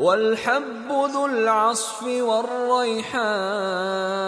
والحب ذو العصف والريحان